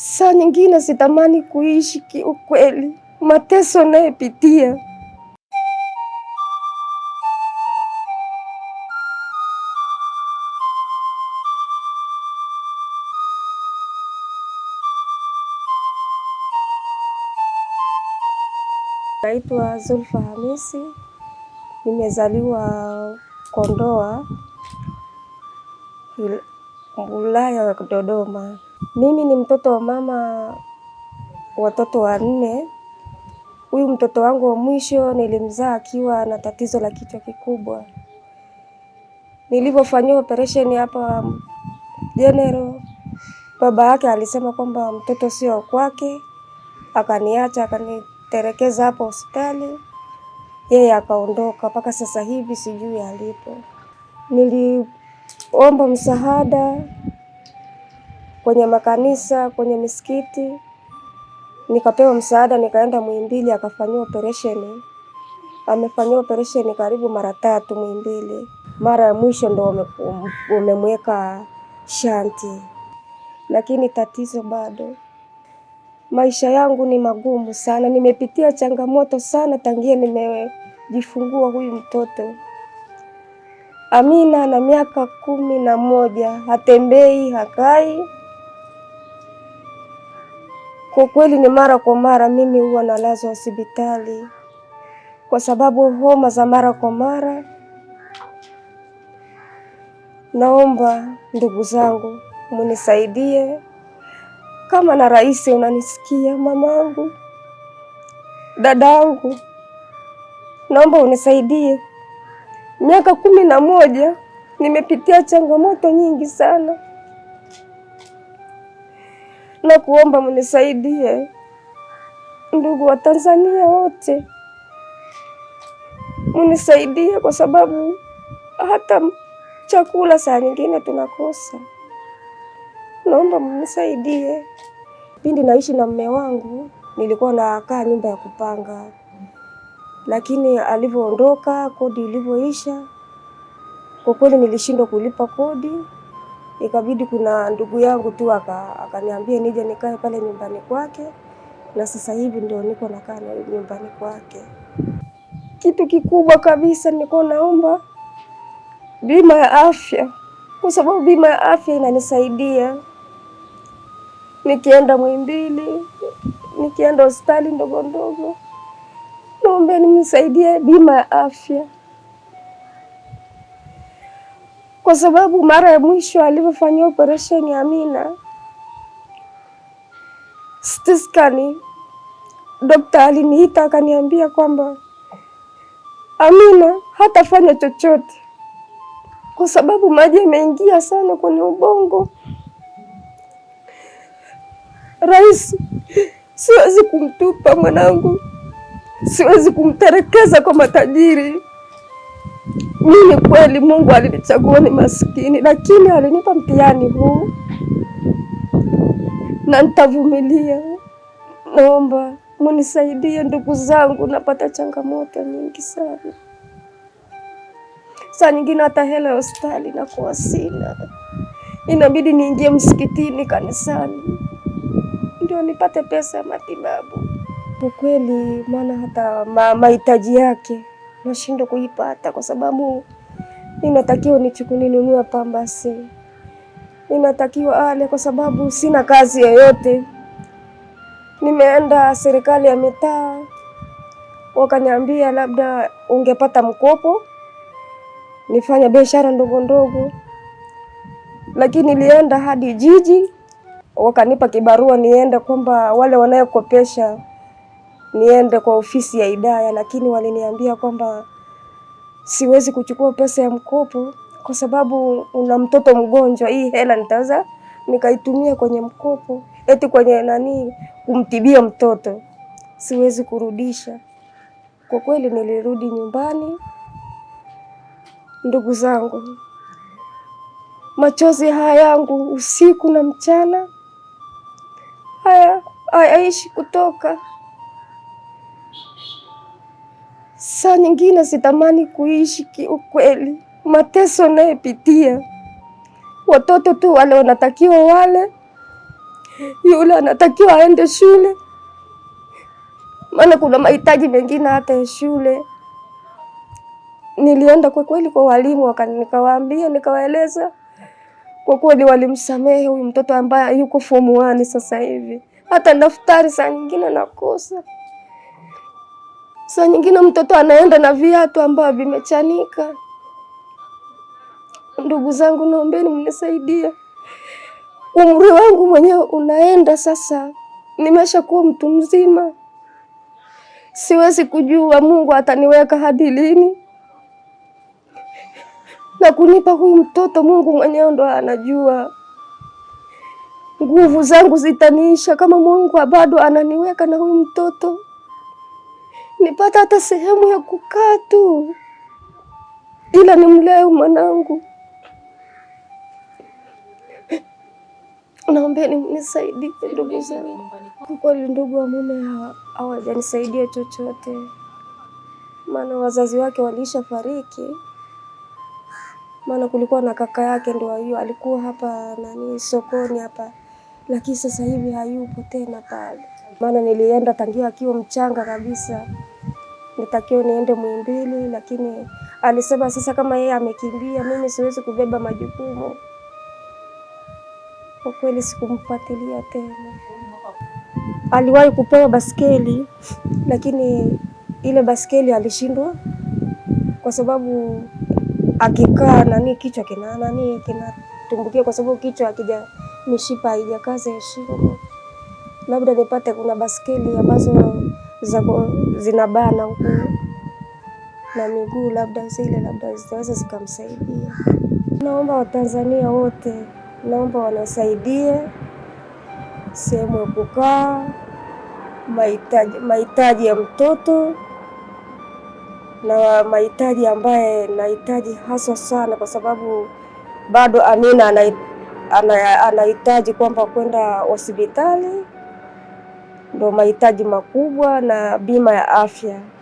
Saa nyingine sitamani kuishi kiukweli, mateso nayepitia Naitwa Zulfa Hamisi, nimezaliwa Kondoa wilaya ya Dodoma. Mimi ni mtoto wa mama watoto wanne. Huyu mtoto wangu wa mwisho nilimzaa akiwa na tatizo la kichwa kikubwa. Nilivyofanyiwa operesheni hapa General, baba yake alisema kwamba mtoto sio kwake, akaniacha akaniterekeza hapo hospitali, yeye akaondoka. Mpaka sasa hivi sijui alipo. Niliomba msaada kwenye makanisa, kwenye misikiti. Nikapewa msaada, nikaenda Muhimbili akafanyiwa operesheni. Amefanyiwa operesheni karibu mara tatu Muhimbili. Mara ya mwisho ndo umemweka shanti, lakini tatizo bado. Maisha yangu ni magumu sana, nimepitia changamoto sana tangia nimejifungua huyu mtoto Amina na miaka kumi na moja, hatembei hakai kwa kweli ni mara kwa mara mimi huwa nalazwa hospitali kwa sababu homa za mara kwa mara. Naomba ndugu zangu munisaidie, kama na rais unanisikia, mamangu, dadangu, naomba unisaidie. Miaka kumi na moja nimepitia changamoto nyingi sana na kuomba mnisaidie, ndugu wa Tanzania wote mnisaidie, kwa sababu hata chakula saa nyingine tunakosa. Naomba mnisaidie. Pindi naishi na mme wangu, nilikuwa nakaa nyumba ya kupanga, lakini alivyoondoka, kodi ilivyoisha, kwa kweli nilishindwa kulipa kodi ikabidi kuna ndugu yangu tu akaniambia nije nikae pale nyumbani kwake, na sasa hivi ndio niko nakaa nyumbani kwake. Kitu kikubwa kabisa niko naomba bima ya afya, kwa sababu bima ya afya inanisaidia nikienda Muhimbili, nikienda hospitali ndogo ndogo. Naomba nimsaidie bima ya afya. kwa sababu mara ya mwisho alivyofanyia operesheni Amina stiskani, dokta aliniita akaniambia kwamba Amina hatafanya chochote kwa sababu maji yameingia sana kwenye ubongo. Rais, siwezi kumtupa mwanangu, siwezi kumterekeza kwa matajiri. Mimi kweli Mungu alinichagua ni maskini, lakini alinipa mtihani huu na nitavumilia. Naomba munisaidie ndugu zangu, napata changamoto nyingi sana. Saa nyingine hata hela ya hospitali nakuwa sina, inabidi niingie msikitini, kanisani ndio nipate pesa ya matibabu. Ukweli maana hata mahitaji yake nashindwa kuipata kwa sababu ninatakiwa nichukue ninunua pambasi, ninatakiwa ale kwa sababu sina kazi yoyote. Nimeenda serikali ya mitaa, wakaniambia labda ungepata mkopo nifanya biashara ndogo ndogo, lakini nilienda hadi jiji, wakanipa kibarua niende kwamba wale wanayokopesha niende kwa ofisi ya idaya lakini waliniambia kwamba siwezi kuchukua pesa ya mkopo kwa sababu una mtoto mgonjwa, hii hela nitaweza nikaitumia kwenye mkopo, eti kwenye nani, kumtibia mtoto, siwezi kurudisha. Kwa kweli nilirudi nyumbani, ndugu zangu, machozi haya yangu usiku na mchana haya hayaishi kutoka. Saa nyingine sitamani kuishi kiukweli, mateso nayepitia. Watoto tu wale wanatakiwa wale, yule anatakiwa aende shule, maana kuna mahitaji mengine hata ya shule. Nilienda kwa kweli kwa walimu, nikawaambia, nikawaeleza. Kwa kweli walimsamehe huyu mtoto ambaye yuko form 1 sasa hivi, hata daftari saa nyingine nakosa. Saa nyingine mtoto anaenda na viatu ambavyo vimechanika. Ndugu zangu, naombeni mnisaidie. Umri wangu mwenyewe unaenda sasa, nimeshakuwa mtu mzima, siwezi kujua Mungu ataniweka hadi lini na kunipa huyu mtoto. Mungu mwenyewe ndo anajua. Nguvu zangu zitaniisha kama Mungu bado ananiweka na huyu mtoto nipata hata sehemu ya kukaa tu, ila mleo mwanangu. Naombeni mnisaidie ndugu zangu. Kwa kweli ndugu wa mume hawajanisaidia chochote, maana wazazi wake waliisha fariki. Maana kulikuwa na kaka yake ndio hiyo alikuwa hapa nani sokoni hapa, lakini sasa hivi hayupo tena pale maana nilienda tangia akiwa mchanga kabisa, nitakiwa niende Muhimbili, lakini alisema sasa kama yeye amekimbia, mimi siwezi kubeba majukumu. Kwa kweli sikumfuatilia tena. Aliwahi kupewa baskeli, lakini ile baskeli alishindwa kwa sababu akikaa nani kichwa kina nani kinatumbukia, kwa sababu kichwa akija mishipa haijakaa shingo labda nipate kuna baskeli ambazo zinabana huku na miguu, labda zile labda zitaweza zikamsaidia. Naomba Watanzania wote, naomba wanisaidie sehemu ya kukaa, mahitaji mahitaji ya mtoto na mahitaji ambaye nahitaji haswa sana, kwa sababu bado Amina anahitaji kwamba kwenda hospitali ndo mahitaji makubwa na bima ya afya.